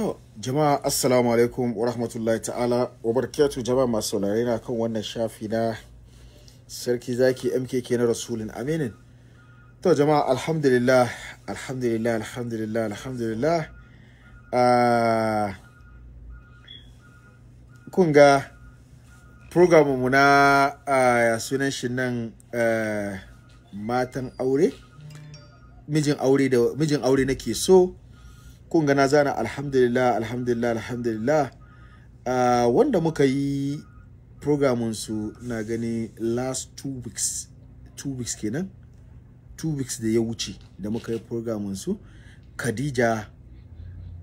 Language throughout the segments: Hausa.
To, jama'a assalamu alaikum wa rahmatullahi ta'ala wa barakatu jama'a masu saurare na kan wannan shafi na sarki zaki MKK na Rasulun Aminin. To, jama'a alhamdulillah, alhamdulillah, alhamdulillah, alhamdulillah. Kunga ah, kun ga mu na ah, sunan shi nan eh, matan aure, mijin aure da mijin aure nake so. kun gana na zana alhamdulillah alhamdulillah alhamdulillah ah, wanda muka yi programin su na gani last two weeks two weeks kenan two weeks da ya wuce da muka yi su khadija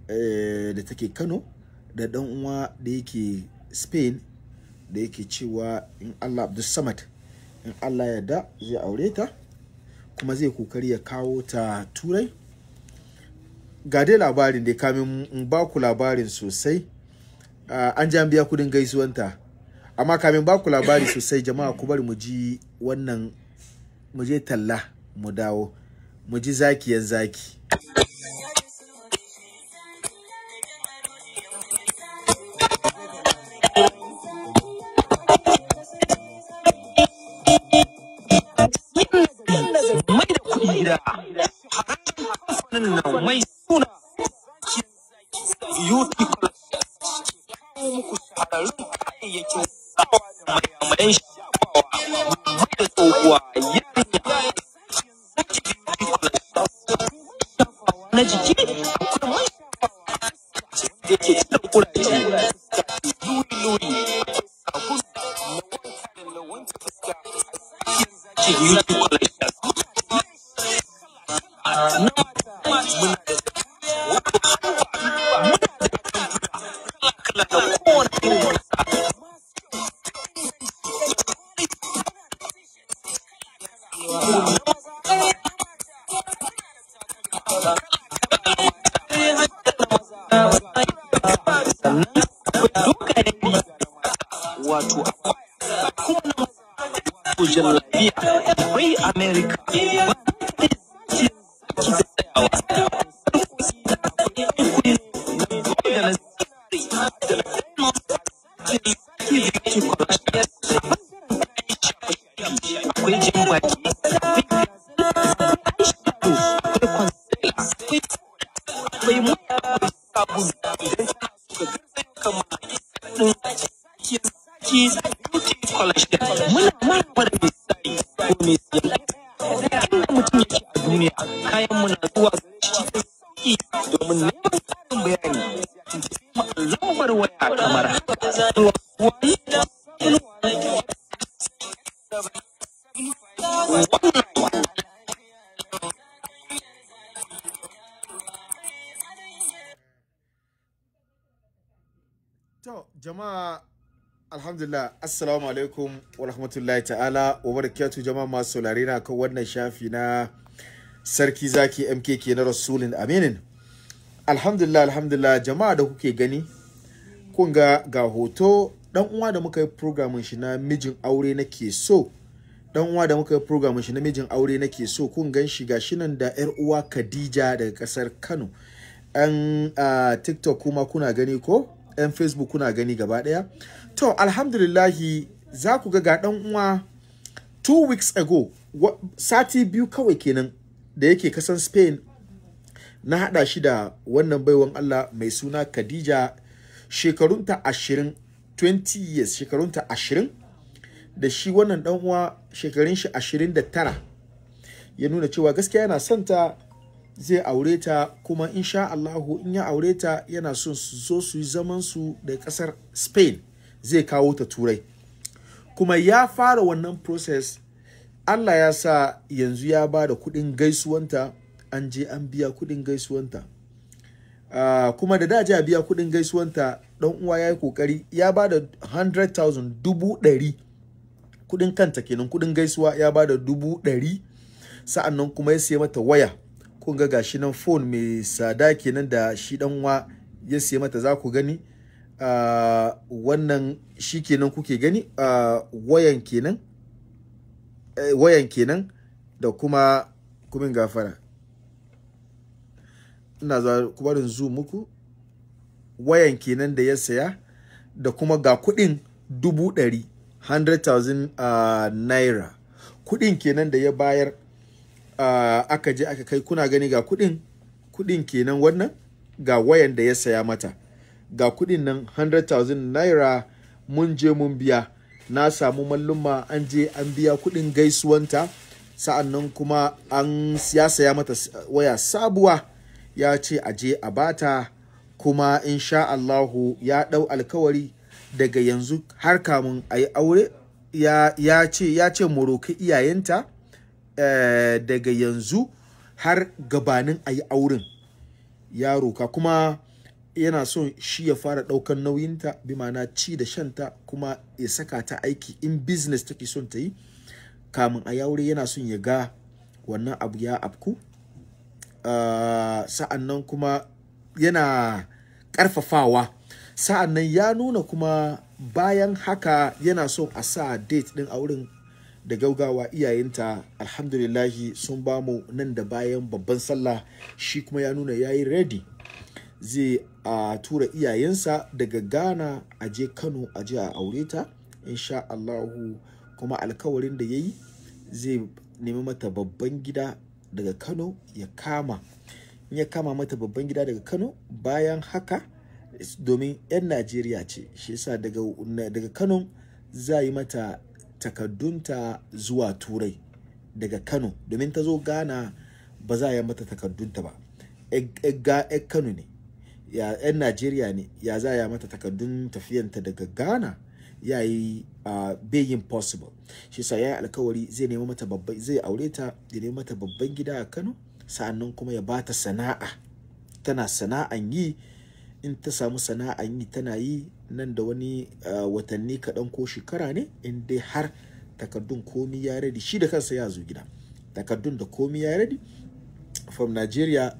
eh, da take kano da dan uwa da yake spain da yake cewa in allah samad in allah ya da zai aure ta kuma zai kokari ya kawo ta turai ga dai labarin ne, kamin in ba ku labarin sosai ah, an ji an biya kudin gaisuwanta amma kamin ba ku labari sosai jama'a ku bari mu ji wannan mu je talla mu dawo mu ji zaki yan zaki. na Thank you. que vem. É? alhamdulillah assalamu alaikum wa rahmatullahi ta'ala wa barakatuh jama'a masu saurare na kan wannan shafi na sarki zaki mkk na rasulin aminin alhamdulillah alhamdulillah jama'a da kuke gani kun ga ga hoto dan uwa da muka yi programin shi na mijin aure nake so dan uwa da muka yi programin shi na mijin aure nake so kun gan shi gashi nan da yar uwa Khadija daga kasar Kano an uh, ah, TikTok kuma kuna gani ko 'yan facebook kuna gani gaba ɗaya to alhamdulillahi za ku ga ga ɗan uwa two weeks ago sati biyu kawai kenan da yake kasan spain na haɗa shi da wannan baiwan allah mai suna khadija shekarunta ashirin 20 years shekarunta ashirin da shi wannan ɗan uwa shekarun shi ashirin da tara ya nuna cewa gaskiya yana son zai aure ta kuma insha Allahu in ya aure ta yana son su zo su yi zaman su da kasar Spain zai kawo ta turai kuma ya fara wannan process Allah ya sa yanzu ya ba da kudin gaisuwanta an je an biya kudin gaisuwanta uh, kuma da da a biya kuɗin gaisuwanta ɗan uwa ya yi kokari ya ba da 100,000 dubu ɗari Kuɗin kanta kenan kuɗin gaisuwa ya ba da dubu ɗari sa'annan kuma ya siya mata waya kun ga gashi nan phone mai sada kenan da shi dan wa ya siya mata za ku gani ah, wannan shi kenan kuke gani uh, wayan kenan eh, wayan kenan da kuma kumin gafara ina za ku barin zoom muku wayan kenan da ya saya da kuma ga kudin dubu ɗari 100,000 ah, naira kudin kenan da ya bayar Ah, aka je aka kai kuna gani ga kudin kudin kenan wannan ga wayan da ya saya mata ga kudin nan 100,000 naira mun je mun biya na samu malluma an je an biya kudin gaisuwanta sa'annan kuma an ya saya mata waya sabuwa ya ce a je a bata kuma insha Allahu ya dau alkawari daga yanzu har kamun a yi aure ya ce ya ce mu roki iyayenta Eh, daga yanzu har gabanin a yi auren ya roka kuma yana son shi ya fara ɗaukan nauyinta bi mana ci da shanta kuma ya saka ta aiki in business take son ta yi kamun a yaure yana son ya ga wannan abu ya afku uh, ah, sa'an nan kuma yana ƙarfafawa sa'an nan ya nuna kuma bayan haka yana son a sa date ɗin auren da gaugawa iyayenta alhamdulillahi sun ba mu nan da bayan babban sallah shi kuma ya nuna ya yi ready zai a tura iyayensa daga ghana a je kano a je a aure ta insha allahu kuma alkawarin da ya yi zai nemi mata babban gida daga kano ya kama ya kama mata babban gida daga kano bayan haka domin 'yan najeriya ce shi yasa daga, daga kano za yi mata takaddunta zuwa turai daga kano domin ta zo ghana ba za a yi mata takaddunta ba ga yan kano ne yan najeriya ne ya za a yi mata takaddun tafiyanta daga ghana ya yi being possible shi sa ya yi alkawari zai nemi mata babban zai aure ta ya nemi mata babban gida a kano sa'annan kuma ya bata sana'a tana sana'an yi in ta samu sana'an yi tana yi nan da wani ah, watanni kaɗan ko shekara ne in dai har takardun komi ya ready shi da kansa ya zo gida takardun da komi ya ready from nigeria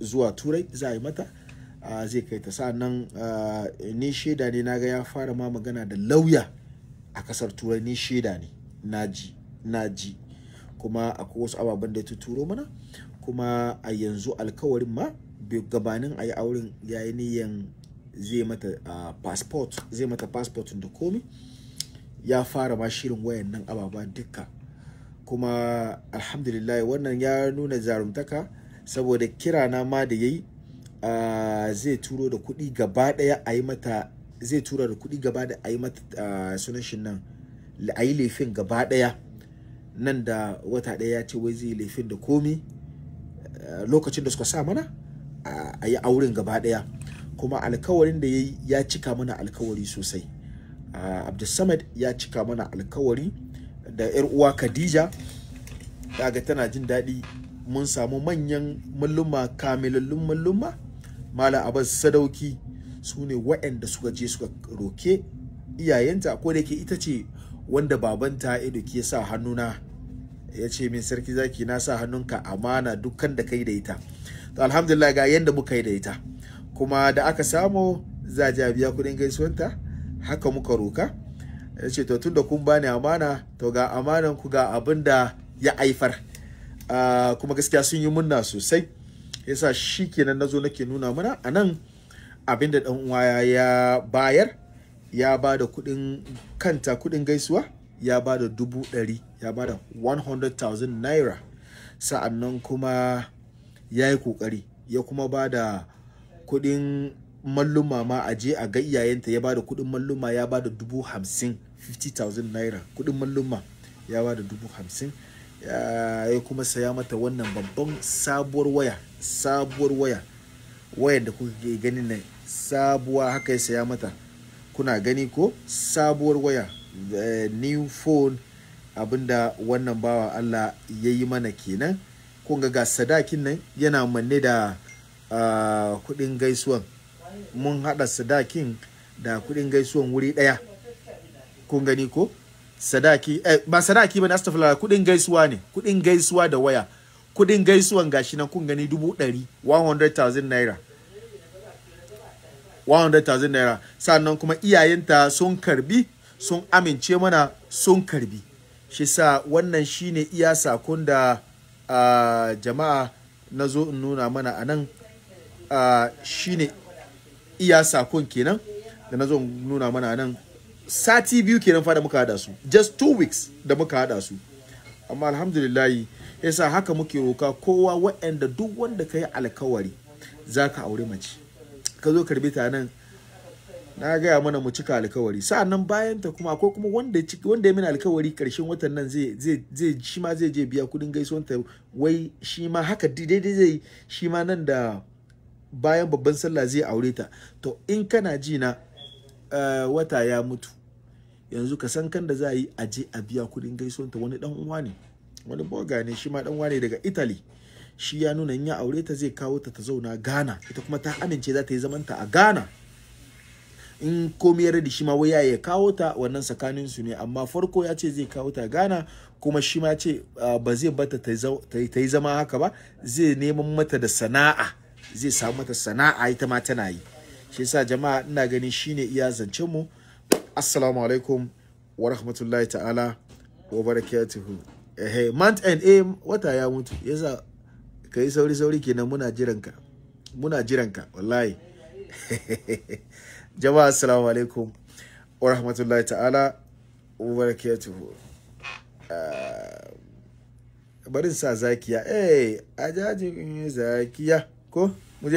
zuwa turai za a yi mata ah, zai kai ta sa'annan ah, ni shaida ne na ga ya fara ma magana da lauya a kasar turai ni shaida ne naji naji kuma akwai wasu ababen da ya tuturo mana kuma a yanzu alkawarin ma gabanin a yi auren yayi niyan zai mata passport zai mata passport da komi ya fara ma shirin wayan nan ababa duka kuma alhamdulillah wannan ya nuna zarumtaka saboda kira na ma da yayi zai turo da kuɗi gaba daya a yi mata zai tura da kuɗi gaba da a yi mata sunan shi nan a yi laifin gaba daya nan da wata daya ya ce wai zai laifin da komi lokacin da suka sa mana a yi auren gaba daya. kuma alkawarin da ya yi ya cika mana alkawari sosai ah, abdulsamad ya cika mana alkawari da yar uwa khadija daga tana jin daɗi mun samu manyan mulluma kamilallun mulluma mala sadauki su ne waɗanda suka je suka roke iyayenta ko da ke ita ce wanda babanta ido ke sa hannuna ya ce min sarki zaki na sa hannunka amana dukkan da kai da ita to alhamdulillah ga yanda muka yi da ita kuma da aka samu za a biya kudin gaisuwanta haka muka roka ya ce to tun da kun bani amana to ga amanan ku ga abin da ya aifar kuma gaskiya sun yi munna sosai yasa shi kenan na zo nake nuna mana a nan abin da uwa ya bayar ya ba da kudin kanta kudin gaisuwa ya ba da dubu ɗari ya ba da 100,000 naira sa'annan kuma ya yi kokari ya kuma ba da kuɗin malluma ma a je a ga iyayenta ya bada kuɗin malluma ya bada dubu hamsin 50,000 naira kuɗin malluma ya bada dubu hamsin ya kuma saya mata wannan babban sabuwar waya sabuwar waya wayar da kuka ke ganin nan sabuwa haka ya saya mata kuna gani ko sabuwar waya The eh, new phone abinda wannan bawa Allah ya yi mana kenan kun ga sadakin nan yana manne da kudin gaisuwan mun hada sadakin da kudin gaisuwan wuri daya kun gani ko sadaki eh, ba sadaki ba na astafala kudin gaisuwa ne kudin gaisuwa da waya kudin gaisuwan gashi nan kun gani dubu ɗari 100,000 naira 100,000 naira sannan kuma iyayenta sun karbi sun amince mana sun karbi shi sa wannan shine iya sakon da uh, jama'a na zo in nuna mana a nan shine iya sakon kenan da na zo nuna mana nan sati biyu kenan fa da muka hada su just two weeks da muka hada su amma alhamdulillahi yasa haka muke roka kowa wa'anda duk wanda ka yi alkawari za ka aure mace ka zo karbi ta nan na gaya mana mu cika alkawari sa'annan bayan ta kuma akwai kuma wanda wanda ya mini alkawari karshen watan nan zai zai shi ma zai je biya kudin gaisuwanta wai shi ma haka daidai zai shi ma nan da bayan babban sallah zai aure ta to in kana ji na uh, wata ya mutu yanzu ka san kan da za a yi a je a biya kudin gaisuwanta wani dan uwa ne wani boga ne shi ma dan uwa ne daga italy shi ya nuna in ya aure ta zai kawo ta ta zauna ghana ita kuma ta amince za ta yi zamanta a ghana in komai ya radi shi ma waya ya kawo ta wannan tsakanin su ne amma farko ya ce zai kawo ta Ghana kuma shi ma ce eh, ba zai bata ta yi zama haka ba zai neman mata da sana'a zai samu mata sana'a ita ma tana yi shi yasa jama'a ina ganin shine iya zance mu assalamu alaikum wa rahmatullahi ta'ala wa barakatuhu eh mant and eh wata ya mutu yasa kai sauri sauri kenan muna jiranka muna jiranka wallahi jama'a assalamu alaikum wa rahmatullahi ta'ala wa barakatuhu ah, barin sa zakiya eh ajaji zakiya को मुझे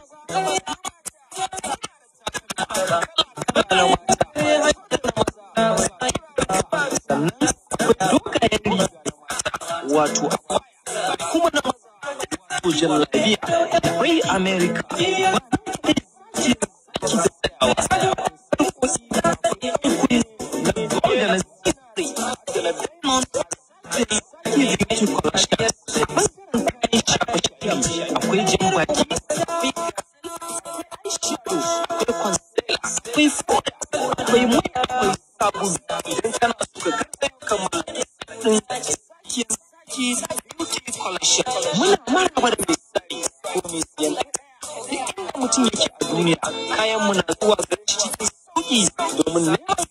mutum yake a duniya